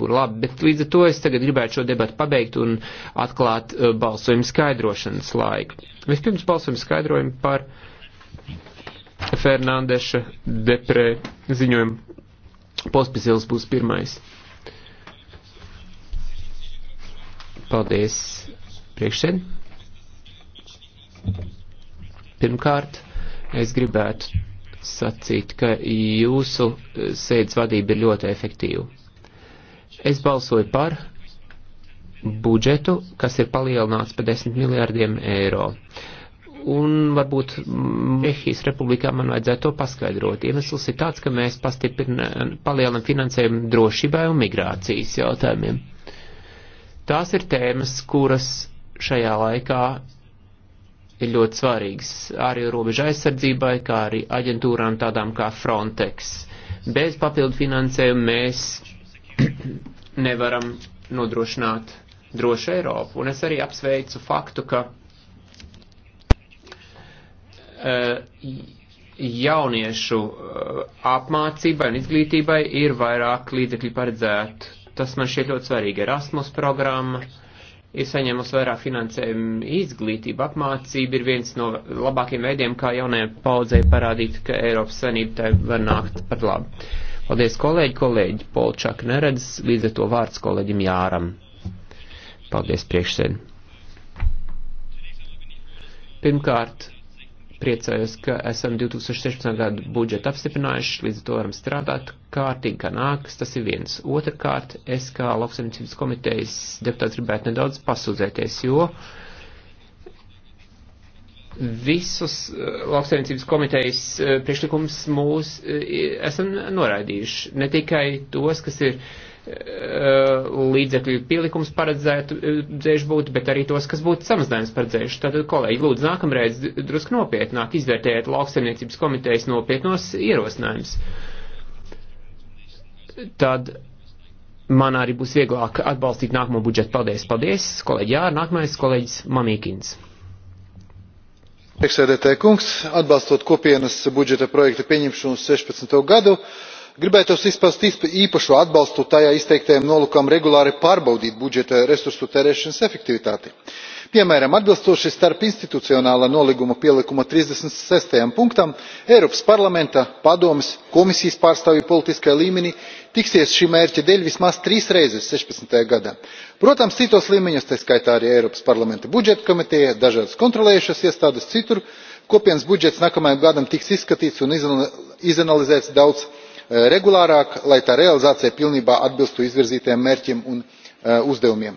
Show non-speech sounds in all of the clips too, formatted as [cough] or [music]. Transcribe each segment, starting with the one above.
būtu labi, bet līdz ar to es tagad gribētu šo debatu pabeigt un atklāt uh, balsojumu skaidrošanas laiku. Vispirms balsojumu skaidrojumu par Fernandeša deprē ziņojumu. Pospizils būs pirmais. Paldies, priekšsēd. Pirmkārt, es gribētu sacīt, ka jūsu eh, sēdes vadība ir ļoti efektīva Es balsoju par budžetu, kas ir palielināts par 10 miljārdiem eiro. Un varbūt Mehijas mm, republikā man vajadzētu to paskaidrot. Iemesls ir tāds, ka mēs palielinam finansējumu drošībai un migrācijas jautājumiem. Tās ir tēmas, kuras šajā laikā ir ļoti svarīgas arī robeža aizsardzībai, kā arī aģentūrām tādām kā Frontex. Bez papildu finansējumu mēs nevaram nodrošināt drošu Eiropu. Un es arī apsveicu faktu, ka eh, jauniešu eh, apmācībai un izglītībai ir vairāk līdzekļu paredzētu. Tas man šķiet ļoti svarīgi. Erasmus programma ir saņēmusi vairāk finansējumu. Izglītība, apmācība ir viens no labākiem veidiem, kā jaunajai paudzei parādīt, ka Eiropas Savienība tai var nākt par labu. Paldies, kolēģi, kolēģi Polčak neredz, līdz ar to vārds kolēģim Jāram. Paldies, priekšsēdi. Pirmkārt, priecājos, ka esam 2016. gadu budžetu apstiprinājuši, līdz ar to varam strādāt kārtīgi, kā nākas, tas ir viens. Otrakārt, es kā lauksaimniecības komitejas deputāts gribētu nedaudz pasūdzēties, jo uh, visus eh, lauksaimniecības komitejas eh, priekšlikums mūs eh, esam noraidījuši. Ne tikai tos, kas ir līdzekļu pielikums paredzētu dzēšu būtu, bet arī tos, kas būtu samazinājums paredzējuši. Tātad, kolēģi, lūdzu, nākamreiz drusku nopietnāk izvērtējiet lauksaimniecības komitejas nopietnos ierosinājumus. Tad man arī būs vieglāk atbalstīt nākamo budžetu. Paldies, paldies, kolēģi, jā, nākamais kolēģis Mamīkins priekšsēdētāja kungs atbalstot kopienas budžeta projekta pieņemšanu uz sešpadsmito gadu gribētos izpaust īpašu atbalstu tajā izteiktajam nolūkam regulāri pārbaudīt budžeta resursu tērēšanas efektivitāti piemēram atbilstoši starpinstitucionālā nolīguma pielikuma trīsdesmit sestajam punktam eiropas parlamenta padomes komisijas pārstāvji politiskajā līmenī tiksies šī mērķa dēļ vismaz trīs reizes sešpadsmit. gadā protams citos līmeņos tā skaitā arī eiropas parlamenta budžeta komitejā dažādas kontrolējošās iestādes citur kopienas budžets nākamajam gadam tiks izskatīts un izanalizēts daudz e, regulārāk lai tā realizācija pilnībā atbilstu izvirzītajiem mērķiem un e, uzdevumiem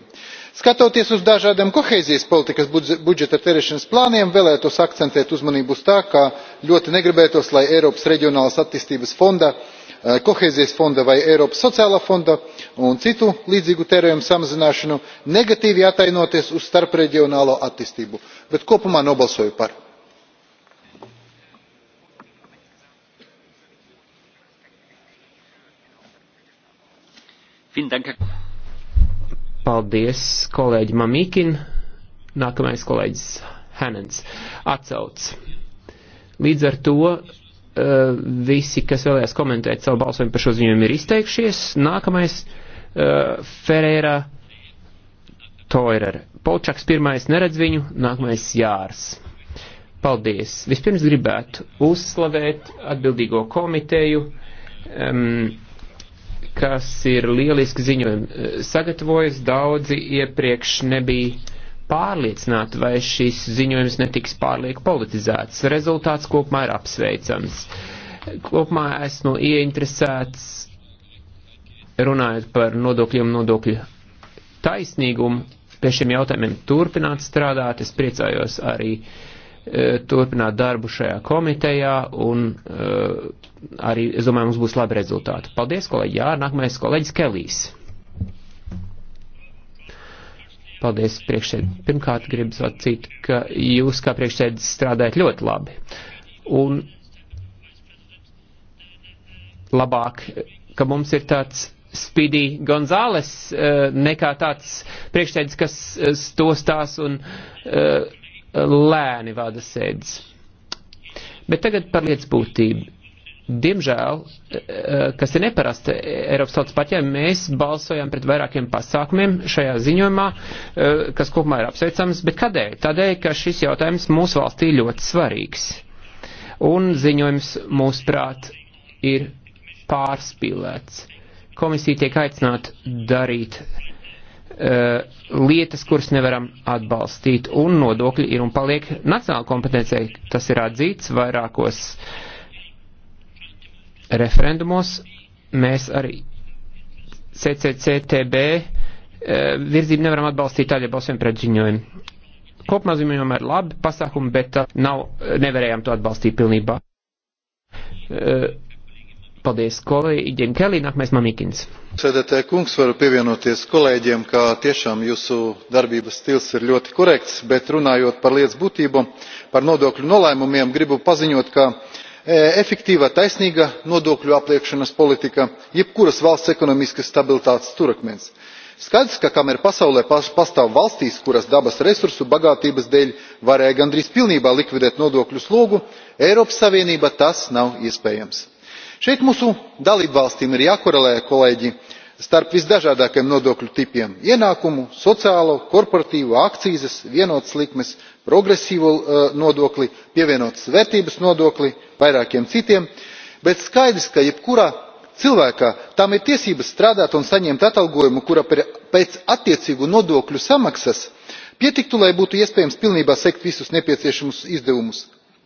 skatoties uz dažādiem kohēzijas politikas budžeta tērēšanas plāniem vēlētos akcentēt uzmanību uz to ka ļoti negribētos lai eiropas reģionālās attīstības fonda eh, kohēzijas fonda vai eiropas sociālā fonda un citu līdzīgu tērējumu samazināšanu negatīvi atainoties uz starpreģionālo attīstību bet kopumā nobalsoju par. vielen dank herr kollege! Paldies, kolēģi Mamikin. Nākamais kolēģis Hennens. Atcauc. Līdz ar to eh, visi, kas vēlējās komentēt savu balsojumu par šo ziņojumu, ir izteikšies. Nākamais eh, Ferēra Toirer. Polčaks pirmais neredz viņu, nākamais Jārs. Paldies! Vispirms gribētu uzslavēt atbildīgo komiteju. Um, kas ir lieliski ziņojumi eh, sagatavojis, daudzi iepriekš nebija pārliecināti, vai šis ziņojums netiks pārlieku politizēts. Rezultāts kopumā ir apsveicams. Kopumā esmu ieinteresēts runājot par nodokļiem nodokļu taisnīgumu, pie šiem jautājumiem turpināt strādāt. Es priecājos arī uh, E, turpināt darbu šajā komitejā un e, arī, es domāju, mums būs labi rezultāti. Paldies, kolēģi. Jā, nākamais kolēģis Kelijs. Paldies, priekšsēd. Pirmkārt, gribu sacīt, ka jūs kā priekšsēd strādājat ļoti labi. Un labāk, ka mums ir tāds Spīdī Gonzāles e, nekā tāds priekšsēdis, kas to stās un uh, lēni vada sēdes. Bet tagad par lietas būtību. Diemžēl, eh, eh, kas ir neparasta eh, Eiropas tautas partijai, mēs balsojām pret vairākiem pasākumiem šajā ziņojumā, kas kopumā ir apsveicams, bet kādēļ? Tādēļ, ka šis jautājums mūsu valstī ļoti svarīgs. Un ziņojums, mūsuprāt, ir pārspīlēts. Komisija tiek aicināta darīt uh, Eh, lietas, kuras nevaram atbalstīt, un nodokļi ir un paliek nacionāla kompetencija. Tas ir atzīts vairākos referendumos. Mēs arī CCCTB eh, virzību nevaram atbalstīt tādiem balsiem pret ziņojumu. Kopumā ziņojumi ir labi pasākumi, bet eh, nav, nevarējām to atbalstīt pilnībā. Paldies kolēģiem Kelī, nākamais Mamikins. Sēdētāja kungs, varu pievienoties kolēģiem, ka tiešām jūsu darbības stils ir ļoti korekts, bet runājot par lietas būtību, par nodokļu nolēmumiem, gribu paziņot, ka e, efektīva taisnīga nodokļu apliekšanas politika jebkuras valsts ekonomiskas stabilitātes stūrakmens. skaidrs ka kamēr pasaulē pastāv valstis kuras dabas resursu bagātības dēļ varēja gandrīz pilnībā likvidēt nodokļu slogu eiropas savienībā tas nav iespējams šeit mūsu dalībvalstīm ir jākorelē kolēģi starp visdažādākajiem nodokļu tipiem ienākumu sociālo korporatīvo akcīzes vienotas likmes progresīvo e, nodokli pievienotās vērtības nodokli vairākiem citiem bet skaidrs ka jebkuram cilvēkam ir tiesības strādāt un saņemt atalgojumu kura pēc attiecīgu nodokļu samaksas pietiktu lai būtu iespējams pilnībā sekt visus nepieciešamus izdevumus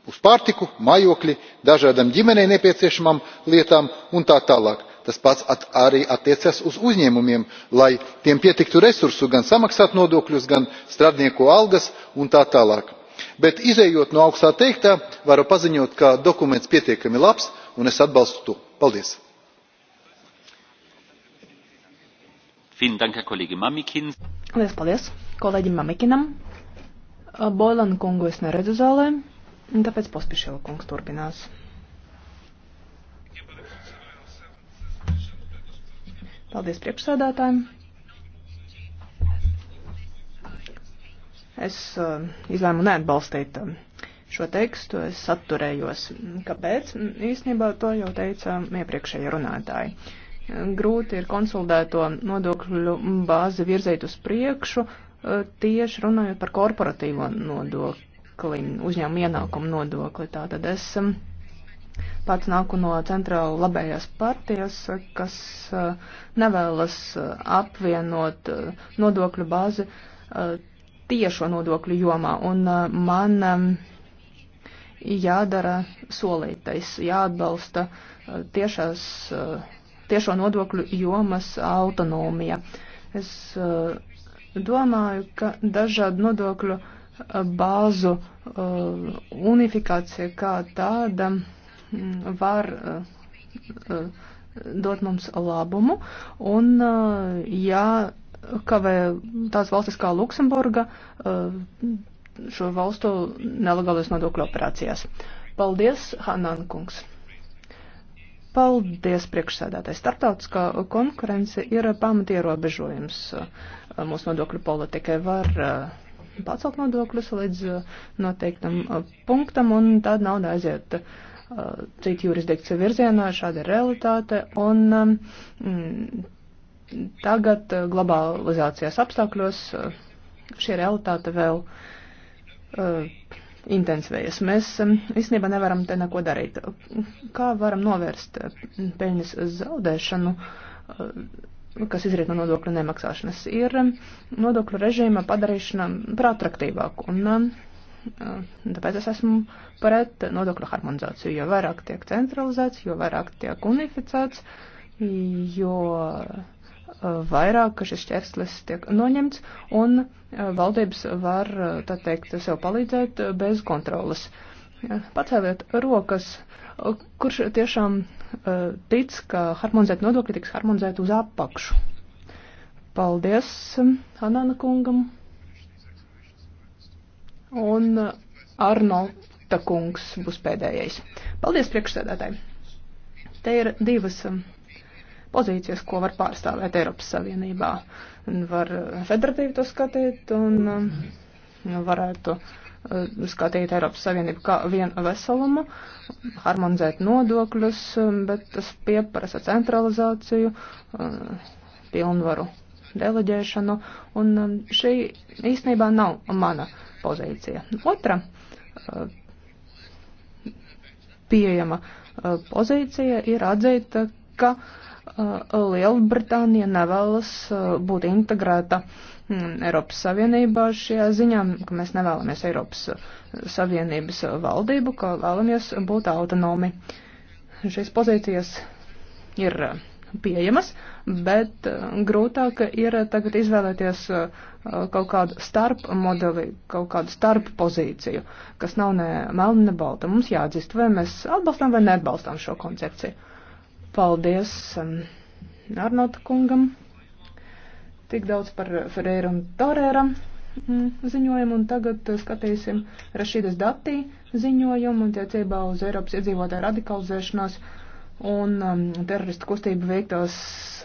uz pārtiku mājokli dažādām ģimenei nepieciešamām lietām un tā tālāk. tas pats arī attiecas uz uzņēmumiem lai tiem pietiktu resursu gan samaksāt nodokļus gan strādnieku algas un tā tālāk. bet izējot no augstā teiktā varu paziņot ka dokuments ir pietiekami labs un es atbalstu to. paldies! Liels paldies kolēģim Mamikinam. Boilan kungu es neredzu zālē. Un tāpēc pospišila kungs turpinās. Paldies priekšsēdētājiem. Es uh, izlēmu neatbalstīt uh, šo tekstu, es atturējos. Kāpēc? Īsnībā to jau teica iepriekšēja runātāji. Grūti ir konsolidēto nodokļu bāzi virzīt uz priekšu, uh, tieši runājot par korporatīvo nodokļu nodokli, uzņēmuma ienākumu nodokli. Tātad es um, pats nāku no centrāla labējās partijas, kas uh, nevēlas uh, apvienot uh, nodokļu bāzi tiešo nodokļu jomā. Un man um, jādara solītais, jāatbalsta tiešās, tiešo nodokļu jomas autonomija. Es domāju, ka dažādu nodokļu uh, bāzu uh, unifikācija kā tāda mm, var uh, uh, dot mums labumu, un jākavē tās valstis kā Luksemburga šo valstu nelegālais nodokļu operācijās. Paldies, Hanan kungs! Paldies, priekšsēdētāji. Startautiskā konkurence ir pamatierobežojums mūsu nodokļu politikai. Var uh, pacelt nodokļus līdz uh, noteiktam uh, punktam, un tad nauda aiziet uh, citu jurisdikciju virzienā, šāda ir realitāte, un um, mm, tagad globalizācijas apstākļos šī realitāte vēl uh, intensivējas. Mēs um, īstenībā nevaram te neko darīt. Kā varam novērst peļņas zaudēšanu? Uh, kas izriet no nodokļu nemaksāšanas, ir um, nodokļu režīma padarīšana um, prātraktīvāku. Un, um, uh, tāpēc es esmu pret nodokļu harmonizāciju, jo vairāk tiek centralizēts, jo vairāk tiek unificēts, jo uh, vairāk šis šķērslis tiek noņemts un uh, valdības var, tā teikt, sev palīdzēt bez kontrolas. Pacēliet rokas, kurš tiešām Eh, tic, ka harmonizēt nodokļi tiks harmonizēt uz apakšu. Paldies Hanana eh, kungam. Un eh, Arnolta kungs būs pēdējais. Paldies priekšsēdētāji. Te ir divas pozīcijas, ko var pārstāvēt Eiropas Savienībā. Var federatīvi to skatīt un varētu uh, Uh, skatīt Eiropas Savienību kā vienu veselumu, harmonizēt nodokļus, um, bet tas pieprasa centralizāciju, uh, pilnvaru deleģēšanu, un um, šī īstenībā nav mana pozīcija. Otra uh, pieejama pozīcija ir atzīt, ka Lielbritānija nevēlas būt integrēta uh, Mm, Eiropas Savienībā šajā ziņā, ka mēs nevēlamies Eiropas Savienības valdību, ka vēlamies būt autonomi. Šīs pozīcijas ir pieejamas, bet eh, grūtāk ir tagad izvēlēties eh, kaut kādu starp modeli, kaut kādu starp pozīciju, kas nav ne melna, ne balta. Mums jāatzīst, vai mēs atbalstām vai neatbalstām šo koncepciju. Paldies mm, Arnota kungam. Tik daudz par Ferreira un Torēra mm, ziņojumu, un tagad skatīsim Rašīdas datī ziņojumu attiecībā uz Eiropas iedzīvotāju radikalizēšanos un um, teroristu kustību veiktās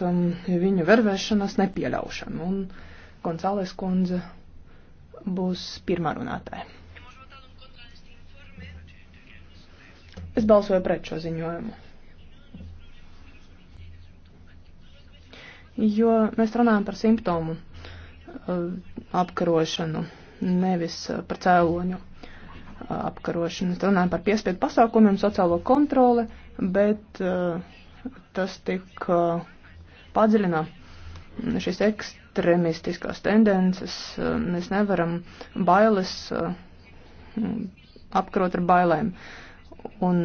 um, viņu vervēšanas nepieļaušanu. Un Gonzāles kundze būs pirmā runātāja. Es balsoju pret šo ziņojumu. jo mēs runājam par simptomu eh, apkarošanu, nevis eh, par cēloņu eh, apkarošanu. Mēs runājam par piespiedu pasākumiem, sociālo kontroli, bet tas tik padziļinā šīs ekstremistiskās tendences. Mēs nevaram bailes apkarot ar bailēm. Un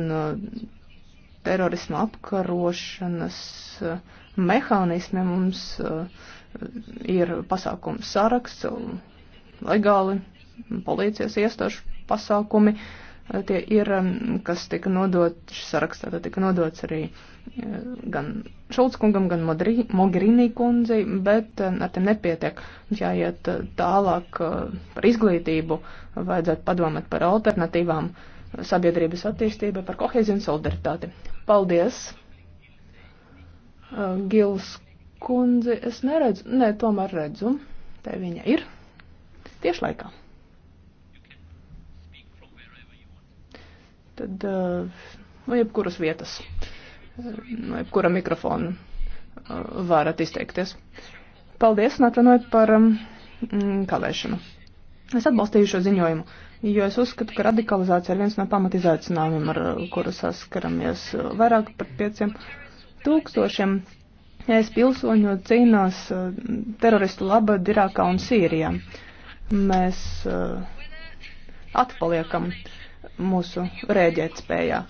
terorisma apkarošanas uh, mehānismi. Mums eh, ir pasākums saraksts, legāli policijas iestāžu pasākumi. Eh, tie ir, kas tika nodots, šis sarakstā tika nodots arī eh, gan Šulckungam, gan Mogherini kundzei, bet ar tiem nepietiek. Mums jāiet tālāk par izglītību, vajadzētu padomāt par alternatīvām sabiedrības attīstībai, par kohēziju un solidaritāti. Paldies! Uh, Gils kundzi es neredzu. Nē, tomēr redzu. Te viņa ir. Tieši laikā. Tad uh, no jebkuras vietas, uh, no jebkura mikrofona varat izteikties. Paldies un atvainojiet par um, mm, kavēšanu. Es atbalstīju šo ziņojumu, jo es uzskatu, ka radikalizācija ir viens no pamatizācinājumiem, ar kuru saskaramies vairāk par pieciem. Uh, Tūkstošiem es pilsoņu cīnās eh, teroristu labad Irākā un Sīrijā. Mēs eh, atpaliekam mūsu rēģēt spējā.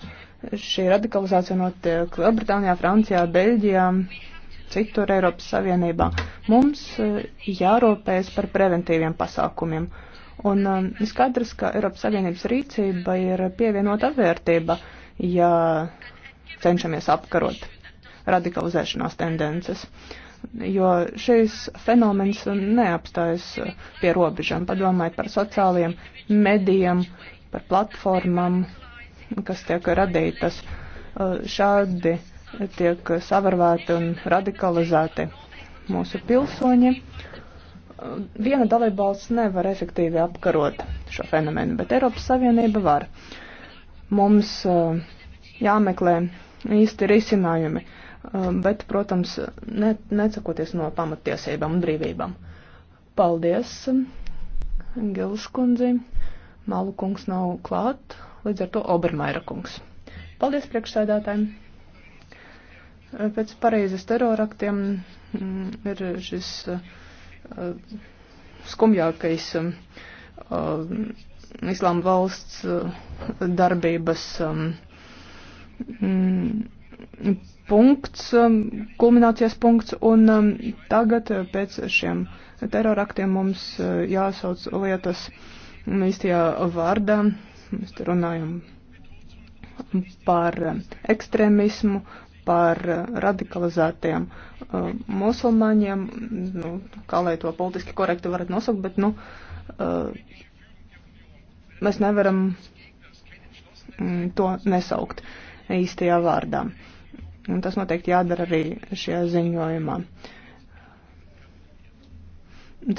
Šī radikalizācija notiek Lielbritānijā, Francijā, Beļģijā, citur Eiropas Savienībā. Mums eh, jārūpējas par preventīviem pasākumiem. Un skaidrs, ka Eiropas Savienības rīcība ir pievienota vērtība, ja cenšamies apkarot radikalizēšanās tendences. Jo šis fenomens neapstājas pie robežām. Padomājiet par sociāliem medijiem, par platformām, kas tiek radītas uh, šādi tiek savarvēti un radikalizēti mūsu pilsoņi. Uh, viena dalībvalsts nevar efektīvi apkarot šo fenomenu, bet Eiropas Savienība var. Mums uh, jāmeklē īsti risinājumi Um, bet, protams, ne, necakoties no pamatiesībām un brīvībām. Paldies, Gilas kundzi. Malu kungs nav klāt, līdz ar to Obermaira kungs. Paldies priekšsēdētājiem. Uh, pēc Parīzes teroraktiem mm, ir šis uh, skumjākais um, uh, islāma valsts darbības um, mm, punkts, um, kulminācijas punkts, un um, tagad uh, pēc šiem teroraktiem mums uh, jāsauc lietas īstajā vārdā. Mēs te runājam par um, ekstrēmismu, par uh, radikalizētiem uh, musulmaņiem, nu, kā lai to politiski korekti varat nosaukt, bet, nu, uh, mēs nevaram mm, to nesaukt īstajā vārdā. Uh, Un tas noteikti jādara arī šajā ziņojumā.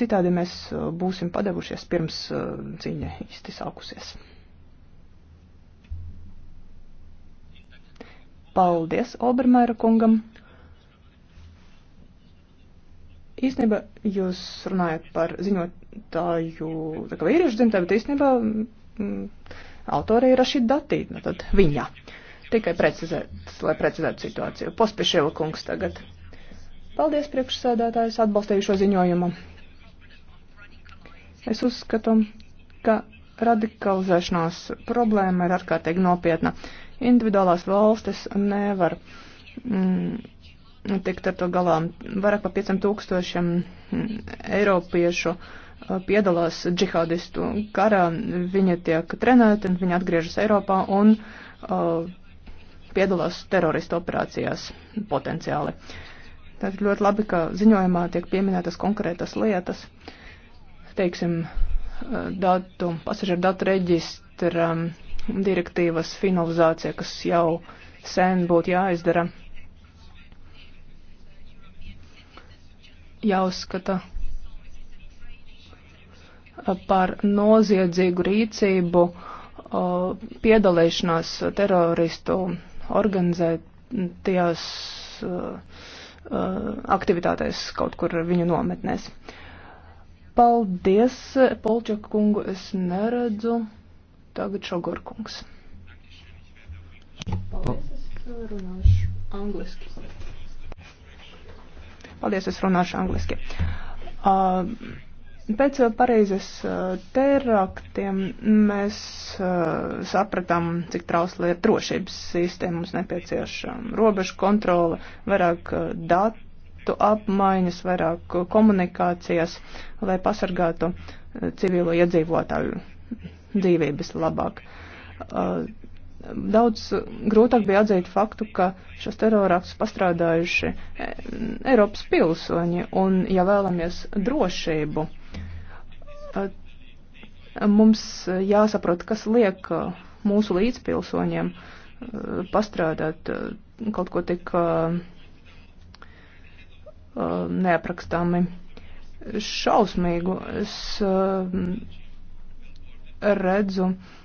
Citādi mēs uh, būsim padevušies pirms uh, cīņa īsti sākusies. Paldies Obermēra kungam. Īstenībā jūs runājat par ziņotāju vīriešu dzimtē, bet īstenībā m, mm, autori ir Rašid Datī, nu tad viņa. Uh, Tikai precizēt, lai precizētu situāciju. Pospišiela kungs tagad. Paldies, priekšsēdētājs, atbalstīju šo ziņojumu. Es uzskatu, ka radikalizēšanās problēma ir ārkārtīgi nopietna. Individuālās valstis nevar mm, tikt ar to galā. Vairāk par 500 tūkstošiem mm, eiropiešu uh, piedalās džihādistu karā. Viņi tiek trenēti, viņi atgriežas Eiropā un uh, piedalās teroristu operācijās potenciāli. Tad ļoti labi, ka ziņojumā tiek pieminētas konkrētas lietas, teiksim, datu, pasažieru datu reģistra direktīvas finalizācija, kas jau sen būtu jāizdara. Jāuzskata par noziedzīgu rīcību piedalīšanās teroristu organizētajās uh, uh, aktivitātēs kaut kur viņu nometnēs. Paldies, Polčak kungu, es neredzu. Tagad Šogur kungs. Paldies, es runāšu angliski. Paldies, es runāšu angliski. Uh, Pēc uh, Parīzes uh, teraktiem mēs uh, sapratām, cik trausla ir drošības sistēma, mums nepieciešama robežu kontrola, vairāk datu apmaiņas, vairāk komunikācijas, lai pasargātu civilo iedzīvotāju dzīvības labāk daudz grūtāk bija atzīt faktu, ka šos terorāktus pastrādājuši e, Eiropas pilsoņi un, ja vēlamies drošību, e, mums jāsaprot, kas liek e, mūsu līdzpilsoņiem pastrādāt kaut ko tik neaprakstāmi šausmīgu. Es redzu, uh,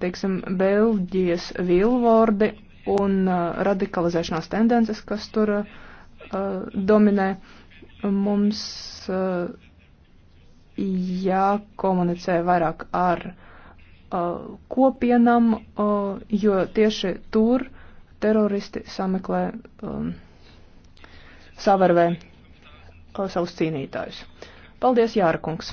teiksim, Belģijas vilvordi un uh, radikalizēšanās tendences, kas tur uh, dominē. Mums uh, jākomunicē vairāk ar uh, kopienam, uh, jo tieši tur teroristi sameklē um, savarvē uh, savus cīnītājus. Paldies, Jārakungs!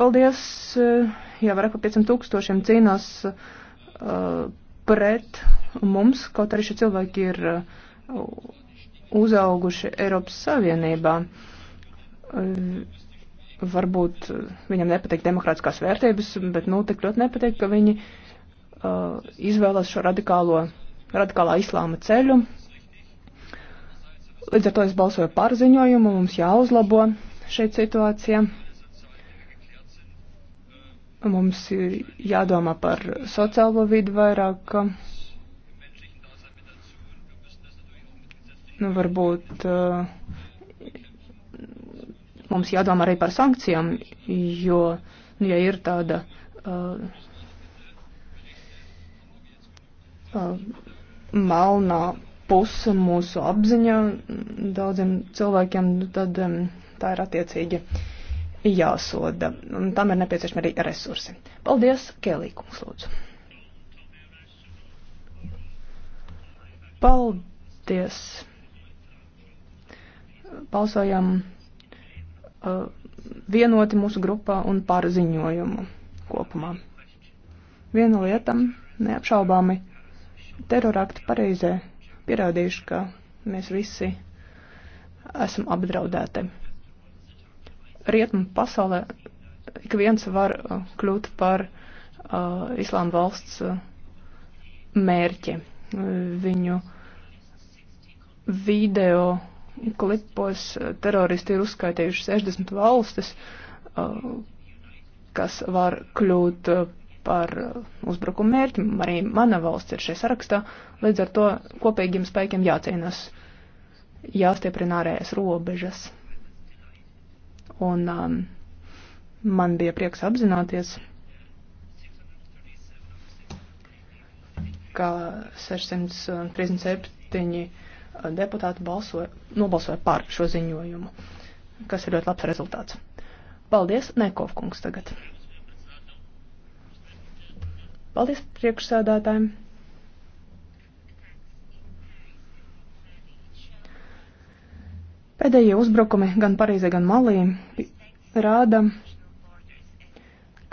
Paldies! Uh, jau ar pa 500 tūkstošiem cīnās uh, pret mums, kaut arī šie cilvēki ir uh, uzauguši Eiropas Savienībā. Uh, varbūt viņam nepatīk demokrātiskās vērtības, bet nu tik ļoti nepatīk, ka viņi uh, izvēlas šo radikālo, radikālā islāma ceļu. Līdz ar to es balsoju par ziņojumu, mums jāuzlabo šeit situācija. Mums ir jādomā par sociālo vidu vairāk. Nu, varbūt eh, mums jādomā arī par sankcijām, jo, nu, ja ir tāda uh, uh, melnā puse mūsu apziņa daudziem cilvēkiem, nu, tad um, tā ir attiecīgi. Uh, jāsoda, un tam ir nepieciešami arī resursi. Paldies, Kēlīkums, lūdzu. Paldies. Balsojam uh, vienoti mūsu grupā un par ziņojumu kopumā. Viena lieta neapšaubāmi terorakti pareizē pierādījuši, ka mēs visi esam apdraudēti rietumu pasaulē ik viens var uh, kļūt par uh, islāma valsts uh, mērķi. Viņu video klipos uh, teroristi ir uzskaitījuši 60 valstis, uh, kas var kļūt par uzbrukumu mērķi. Arī mana valsts ir šajā sarakstā. Līdz ar to kopīgiem spēkiem jācīnās, jāstieprina ārējās robežas un um, man bija prieks apzināties, ka 637 uh, deputāti balsoja, nobalsoja par šo ziņojumu, kas ir ļoti labs rezultāts. Paldies, Nekov kungs tagad. Paldies priekšsēdētājiem. Pēdējie uzbrukumi gan Parīzē, gan Malī rāda,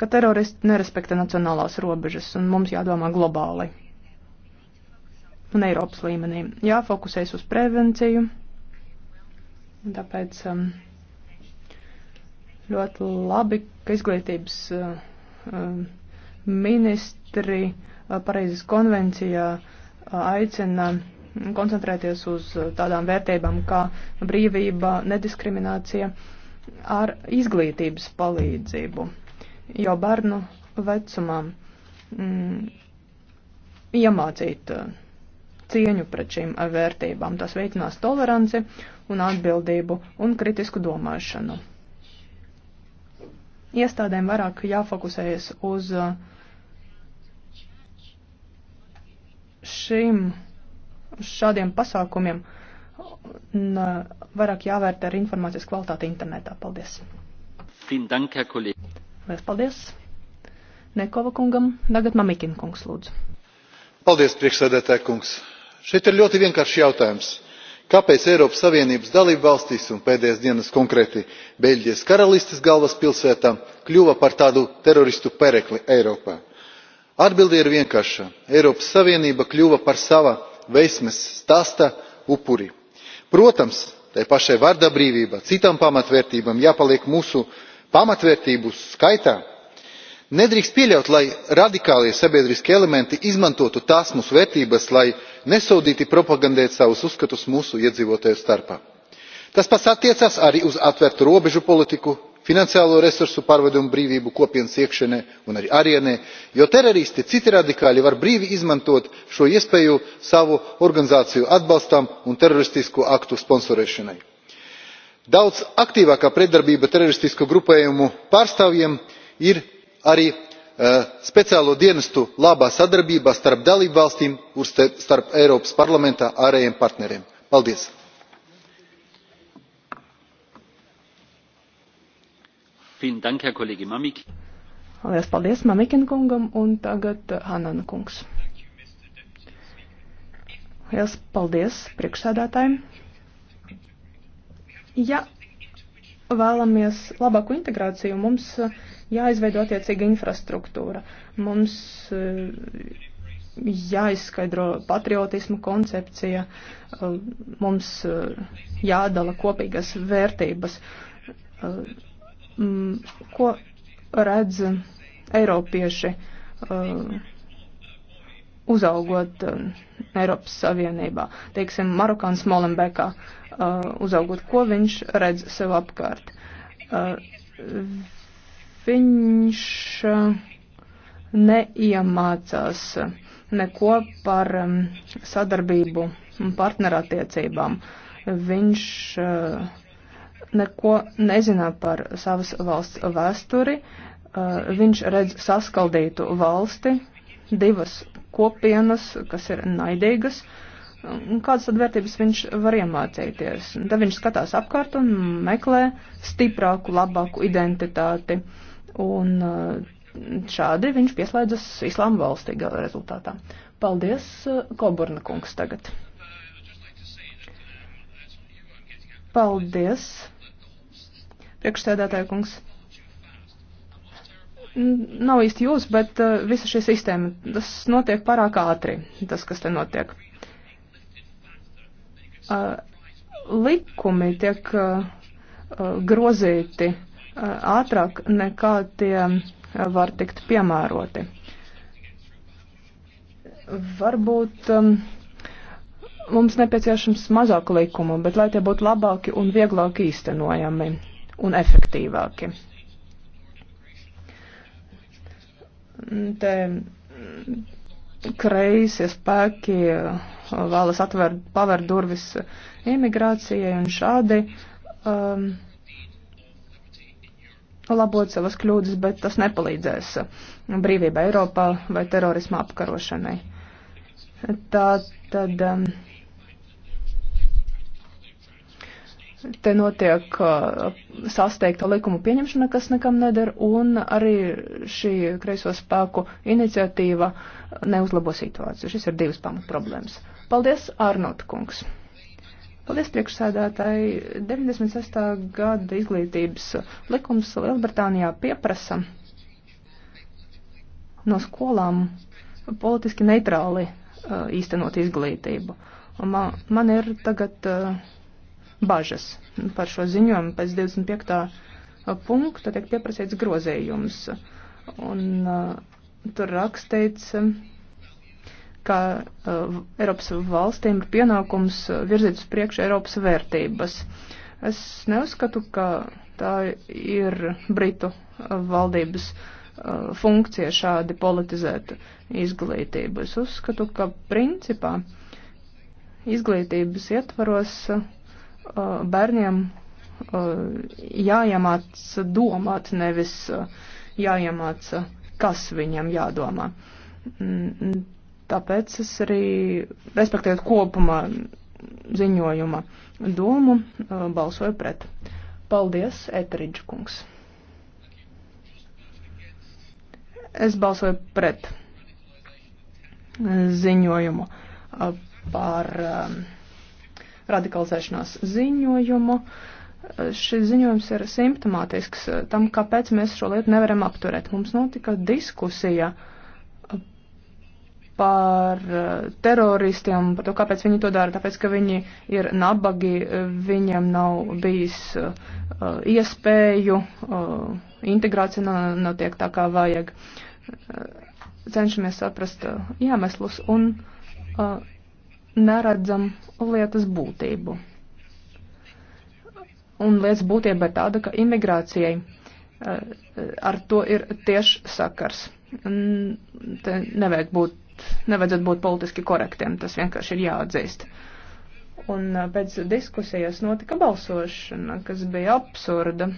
ka teroristi nerespektē nacionālās robežas un mums jādomā globāli un Eiropas līmenī. Jāfokusēs uz prevenciju, tāpēc um, ļoti labi, ka izglītības uh, um, ministri uh, Parīzes konvencijā uh, aicina uh, koncentrēties uz tādām vērtībām kā brīvība, nediskriminācija ar izglītības palīdzību. Jo bērnu vecumā mm, iemācīt uh, cieņu pret šīm uh, vērtībām, tas veicinās toleranci un atbildību un kritisku domāšanu. Iestādēm vairāk jāfokusējas uz uh, šīm šādiem pasākumiem un uh, vairāk jāvērtē ar informācijas kvalitāti internetā. Paldies! Lielas paldies! Nekova kungam, tagad Mamikina kungs lūdzu. Paldies, priekšsēdētāj kungs. Šeit ir ļoti vienkāršs jautājums kāpēc eiropas savienības dalībvalstīs un pēdējās dienas konkrēti beļģijas karalistes galvaspilsētā kļuva par tādu teroristu perekli eiropā? atbilde ir vienkārša eiropas savienība kļuva par sava veiksmes stāsta upuri. protams tai pašai vārda brīvībai citām pamatvērtībām jāpaliek mūsu pamatvērtību skaitā. nedrīkst pieļaut lai radikālie sabiedriskie elementi izmantotu tās mūsu vērtības lai nesodīti propagandētu savus uzskatus mūsu iedzīvotāju starpā. tas pats attiecas arī uz atvērtu robežu politiku finansiālo resursu pārvedumu brīvību kopienas iekšienē un arī ārienē jo teroristi citi radikāļi var brīvi izmantot šo iespēju savu organizāciju atbalstam un teroristisku aktu sponsorēšanai. daudz aktīvāka pretdarbība teroristisku grupējumu pārstāvjiem ir arī eh, speciālo dienestu labā sadarbībā starp dalībvalstīm un starp eiropas parlamenta ārējiem partneriem. paldies! Lielas paldies Mamikina kungam un tagad eh, Hanana kungs. Lielas paldies priekšsēdētājiem. Ja vēlamies labāku integrāciju, mums eh, jāizveido attiecīga infrastruktūra. Mums eh, jāizskaidro patriotismu koncepcija, mums jādala kopīgas vērtības m, mm, ko redz Eiropieši uh, uzaugot uh, Eiropas Savienībā, teiksim, Marokāns Molenbekā uh, uzaugot, ko viņš redz sev apkārt. Uh, viņš uh, neiemācās neko par um, sadarbību un partnerattiecībām. Viņš uh, neko nezina par savas valsts vēsturi. Uh, viņš redz saskaldītu valsti, divas kopienas, kas ir naidīgas. Kādas tad vērtības viņš var iemācīties? Tad viņš skatās apkārt un meklē stiprāku, labāku identitāti. Un uh, šādi viņš pieslēdzas islāma valstī gala rezultātā. Paldies, uh, Koburna kungs tagad. Paldies. Priekšsēdētāja kungs. Nav īsti jūs, bet uh, visa šī sistēma, tas notiek pārāk ātri, tas, kas te notiek. Uh, likumi tiek uh, uh, grozīti uh, ātrāk nekā tie uh, var tikt piemēroti. Varbūt um, mums nepieciešams mazāk likumu, bet lai tie būtu labāki un vieglāk īstenojami un efektīvāki. Te kreisie spēki vēlas atver, pavērt durvis imigrācijai un šādi um, labot savas kļūdas, bet tas nepalīdzēs brīvībai Eiropā vai terorisma apkarošanai. Tā tad. Um, Te notiek uh, sasteigta likuma pieņemšana, kas nekam neder, un arī šī kreiso spēku iniciatīva neuzlabo situāciju. Šis ir divas pamat problēmas. Paldies, Arnot kungs! Paldies, priekšsēdētāji! 96. gada izglītības likums Lielbritānijā pieprasa no skolām politiski neitrāli uh, īstenot izglītību. Un man, man ir tagad. Uh, bažas par šo ziņojumu. Pēc 25. punkta tiek pieprasīts grozējums. Un uh, tur rakstīts, ka uh, Eiropas valstīm ir pienākums virzīt uz priekšu Eiropas vērtības. Es neuzskatu, ka tā ir Britu valdības uh, funkcija šādi politizēt izglītību. Es uzskatu, ka principā izglītības ietvaros uh, Uh, bērniem uh, jāiemāca domāt, nevis uh, jāiemāca, kas viņam jādomā. Mm, tāpēc es arī respektēju kopumā ziņojuma domu, balsoju pret. Paldies, Eteridža kungs. Es balsoju pret ziņojumu par. Um, radikalizēšanās ziņojumu. Šis ziņojums ir simptomātisks tam, kāpēc mēs šo lietu nevaram apturēt. Mums notika diskusija par eh, teroristiem, par to, kāpēc viņi to dara, tāpēc, ka viņi ir nabagi, viņiem nav bijis uh, iespēju, uh, integrācija nav, notiek tā, kā vajag. Uh, cenšamies saprast uh, iemeslus un uh, neredzam lietas būtību. Un lietas būtība ir tāda, ka imigrācijai eh, ar to ir tieši sakars. Te nevajag būt, nevajadzētu būt politiski korektiem, tas vienkārši ir jāatzīst. Un eh, pēc diskusijas notika balsošana, kas bija absurda.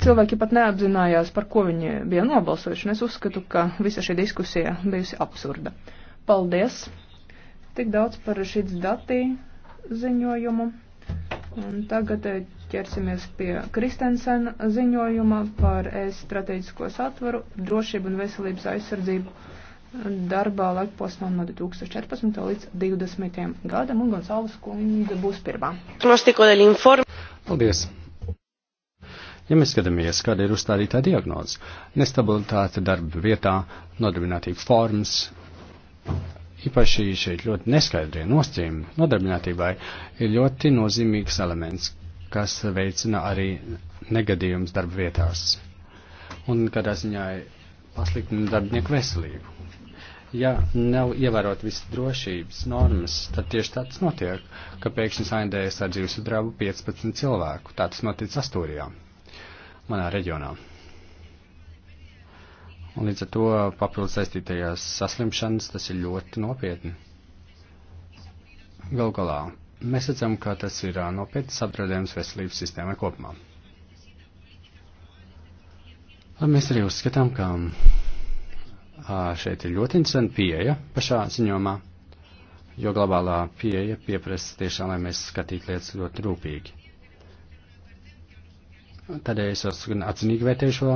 cilvēki pat neapzinājās, par ko viņi bija nobalsojuši, un es uzskatu, ka visa šī diskusija bijusi absurda. Paldies! Tik daudz par šīs datī ziņojumu. Un tagad eh, ķersimies pie Kristensena ziņojuma par es strateģisko satvaru, drošību un veselības aizsardzību darbā laikposmā no 2014. līdz 2020. gadam, un Gonsalves kundze būs pirmā. Paldies! Ja mēs skatāmies, kāda ir uzstādītā diagnoze - nestabilitāte darba vietā, nodarbinātība formas, īpaši šeit ļoti neskaidrie nosacījumi nodarbinātībai ir ļoti nozīmīgs elements, kas veicina arī negadījums darba vietās. Un kādā ziņā pasliktina darbinieku veselību. Ja nav ievērot visas drošības normas, tad tieši tāds notiek, ka pēkšņi saindējas ar dzīves udrabu 15 cilvēku. Tā tas notic Astūrijām manā reģionā. Un līdz ar to papildus saistītajās saslimšanas tas ir ļoti nopietni. Gal galā mēs redzam, ka tas ir nopietns apdraudējums veselības sistēmai kopumā. Mēs arī uzskatām, ka šeit ir ļoti interesanta pieeja pašā ziņomā, jo globālā pieeja pieprasa tiešām, lai mēs skatītu lietas ļoti rūpīgi. Tādēļ es atzinīgi vērtēju šo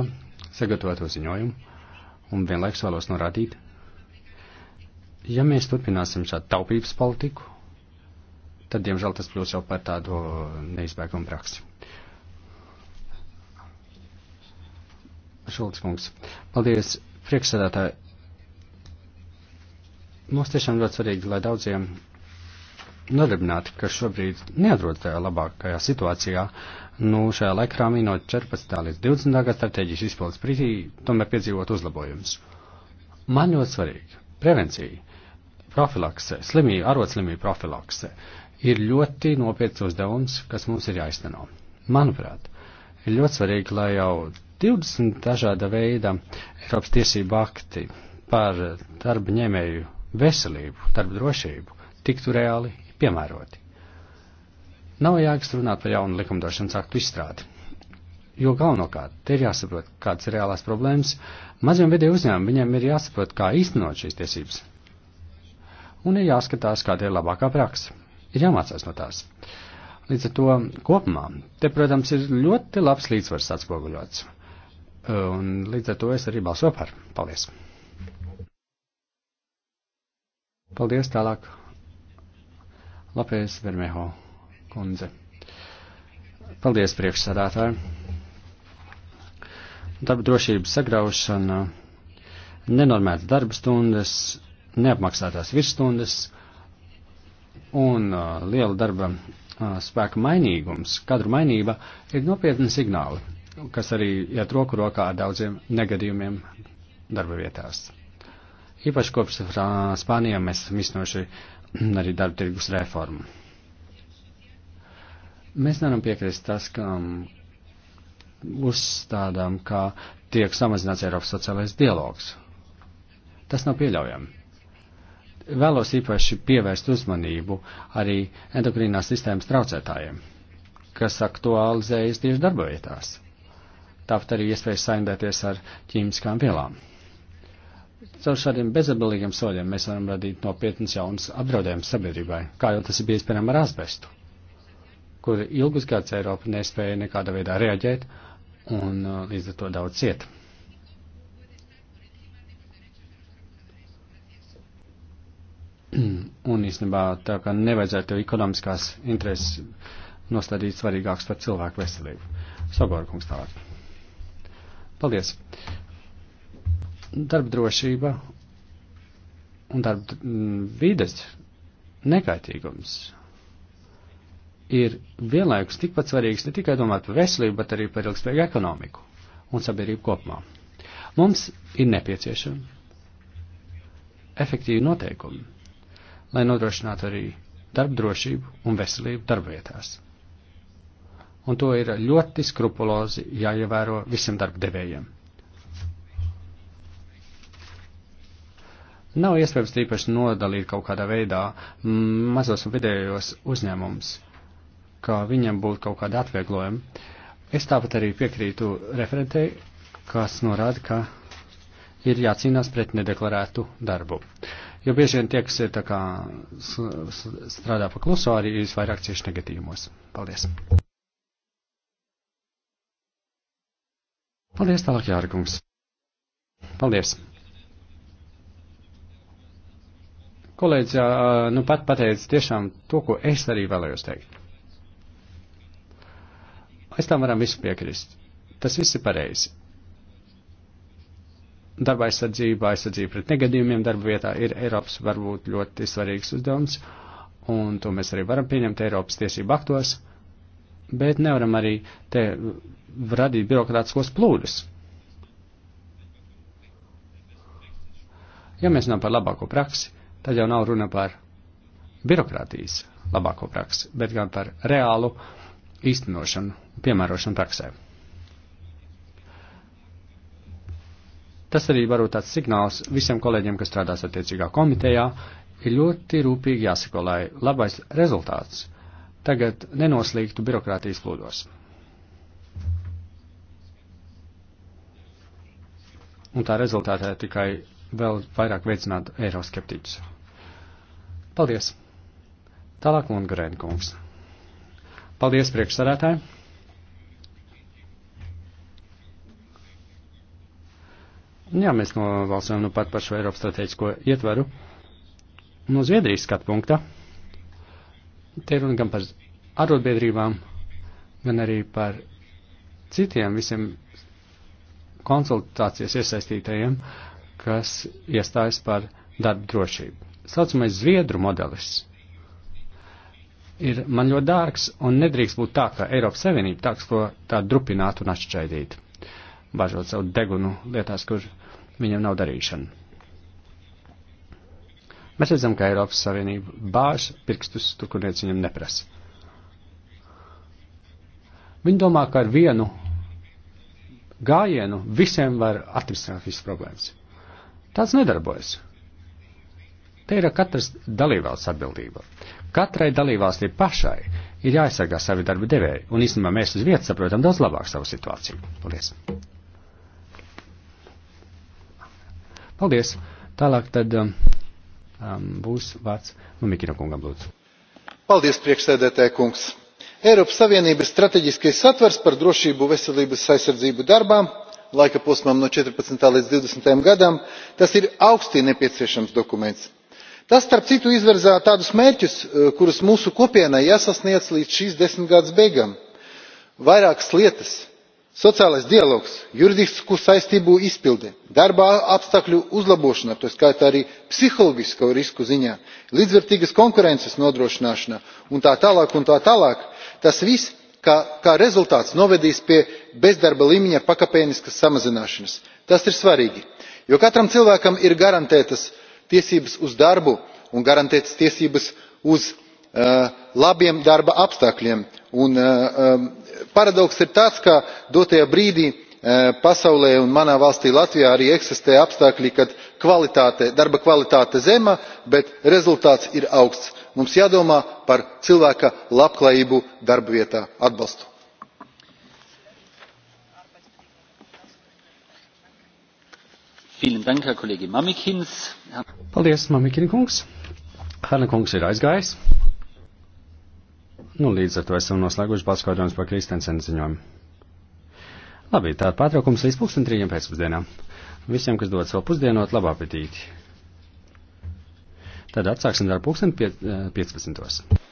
sagatavoto ziņojumu un vienlaiks vēlos norādīt, ja mēs turpināsim šādu taupības politiku, tad, diemžēl, tas kļūs jau par tādu neizbēgumu praksi. Šulc kungs, paldies, priekšsēdētāji. Mums tiešām ļoti svarīgi, lai daudziem nodarbināti, kas šobrīd neatrod tajā labākajā situācijā, nu, šajā laikrāmī no 14. līdz 20. gada strateģijas izpildes brīdī tomēr piedzīvot uzlabojumus. Man ļoti svarīgi prevencija, profilakse, slimību, arotslimību profilakse ir ļoti nopietns uzdevums, kas mums ir jāizteno. Manuprāt, ir ļoti svarīgi, lai jau 20 dažāda veida Eiropas tiesību akti par darba ņēmēju veselību, darba drošību tiktu reāli piemēroti. Nav jēgas runāt par jaunu likumdošanas aktu izstrādi. Jo galvenokārt, te ir jāsaprot, kādas ir reālās problēmas. Maziem vidēju uzņēmumiem viņiem ir jāsaprot, kā īstenot šīs tiesības. Un ir jāskatās, kāda ir labākā praksa. Ir jāmācās no tās. Līdz ar to kopumā, te, protams, ir ļoti labs līdzsvars atspoguļots. Un līdz ar to es arī balsoju par. Paldies! Paldies tālāk! Lapēs Vermeho! kundze. Paldies, priekšsādātāji. Darba drošības sagraušana, nenormētas darba stundas, neapmaksātās virsstundas un uh, liela darba uh, spēka mainīgums, kadru mainība ir nopietni signāli, kas arī iet roku rokā ar daudziem negadījumiem darba vietās. Īpaši kopš Spānijā mēs visnoši arī darba tirgus reformu. Mēs nevaram piekrist tas, kam uzstādām, ka tiek samazināts Eiropas sociālais dialogs. Tas nav pieļaujami vēlos īpaši pievērst uzmanību arī endokrīnās sistēmas traucētājiem, kas aktualizējas tieši darbavietās. Tāpat arī iespējas saindēties ar ķīmiskām vielām. Caur šādiem bezabilīgiem soļiem mēs varam radīt nopietnas jaunas apdraudējumus sabiedrībai, kā jau tas ir bijis, piemēram, ar asbestu kur ilgus gadus Eiropa nespēja nekādā veidā reaģēt un uh, līdz ar to daudz ciet. [clears throat] Un īstenībā tā kā nevajadzētu ekonomiskās intereses nostādīt svarīgāks par cilvēku veselību. Sogora kungs tālāk. Paldies. Darba drošība un darba mm, vides nekaitīgums ir vienlaikus tikpat svarīgs ne tikai domāt par veselību, bet arī par ilgspējīgu ekonomiku un sabiedrību kopumā. Mums ir nepieciešami efektīvi noteikumi, lai nodrošinātu arī darba drošību un veselību darbvietās. Un to ir ļoti skrupulozi jāievēro visiem darbdevējiem. Nav iespējams īpaši nodalīt kaut kādā veidā mazos un vidējos uzņēmumus ka viņam būtu kaut kāda atvieglojuma. Es tāpat arī piekrītu referentei, kas norāda, ka ir jācīnās pret nedeklarētu darbu. Jo bieži vien tie, kas ir tā kā strādā pa kluso, arī visvairāk cieši negatījumos. Paldies! Paldies, tālāk jārgums! Paldies! Kolēģis, nu pat pateica tiešām to, ko es arī vēlējos teikt. Aiz tam varam visu piekrist. Tas viss ir pareizi. Darba aizsardzība, aizsardzība pret negadījumiem darba vietā ir Eiropas varbūt ļoti svarīgs uzdevums, un to mēs arī varam pieņemt Eiropas tiesību aktos, bet nevaram arī te radīt birokrātiskos plūdus. Ja mēs runājam par labāko praksi, tad jau nav runa par birokrātijas labāko praksi, bet gan par reālu uh, īstenošanu, piemērošanu praksē. Tas arī varbūt tāds signāls visiem kolēģiem, kas strādās attiecīgā komitejā, ir ļoti rūpīgi jāsako, lai labais rezultāts tagad nenoslīgtu birokrātijas plūdos. Un tā rezultātā tikai vēl vairāk veicinātu eiroskeptiķus. Paldies! Tālāk Lungarēnkungs. kungs. Paldies, priekšsarētāji! Jā, mēs novalsojam nu pat par šo Eiropas strateģisko ietveru. No Zviedrijas skatu punkta. Te runa gan par arotbiedrībām, gan arī par citiem visiem konsultācijas iesaistītajiem, kas iestājas par darba drošību. Saucamais Zviedru modelis ir man ļoti dārgs un nedrīkst būt tā, ka Eiropas Savienība tāks, ko tā drupinātu un atšķaidītu, bažot savu degunu lietās, kur viņam nav darīšana. Mēs redzam, ka Eiropas Savienība bāž pirkstus tur, kur neviens viņam neprasa. Viņi domā, ka ar vienu gājienu visiem var atrisināt visas problēmas. Tāds nedarbojas. Te ir katras dalībvalsts atbildība. Katrai dalībvalstī pašai ir jāaizsargā savi darba devēji, un īstenībā mēs uz vietas saprotam daudz labāk savu situāciju. Paldies! Paldies! Tālāk tad um, um būs vārds Mumikina kungam lūdzu. Paldies, priekšsēdētāja kungs! Eiropas Savienības strateģiskais satvers par drošību, veselības aizsardzību darbām laika posmam no 14. līdz 20. gadam, tas ir augstī nepieciešams dokuments tas starp citu izvirza tādus mērķus eh, kurus mūsu kopienai jāsasniedz līdz šīs desmitgades beigām vairākas lietas sociālais dialogs juridisku saistību izpilde darba apstākļu uzlabošana to skaitā arī psiholoģisko risku ziņā līdzvērtīgas konkurences nodrošināšana un tā tālāk un tā tālāk tas viss kā rezultāts novedīs pie bezdarba līmeņa pakāpeniskas samazināšanas. tas ir svarīgi jo katram cilvēkam ir garantētas tiesības uz darbu un garantētas tiesības uz eh, labiem darba apstākļiem. Eh, eh, paradoks ir tāds ka dotajā brīdī pasaulē un manā valstī latvijā arī eksistē apstākļi kad darba kvalitāte ir zema bet rezultāts ir augsts. mums jādomā par cilvēka labklājību darba vietā. atbalstu. Paldies, Mamikina kungs. Hanna kungs ir aizgājis. Nu, līdz ar to esam noslēguši balskodojumus par Kristensen ziņojumu. Labi, tāda pārtraukums līdz pulksten trījiem pēcpusdienā. Visiem, kas dodas vēl pusdienot, labā apetīti. Tad atsāksim darbu pulksten pie, 15. Eh,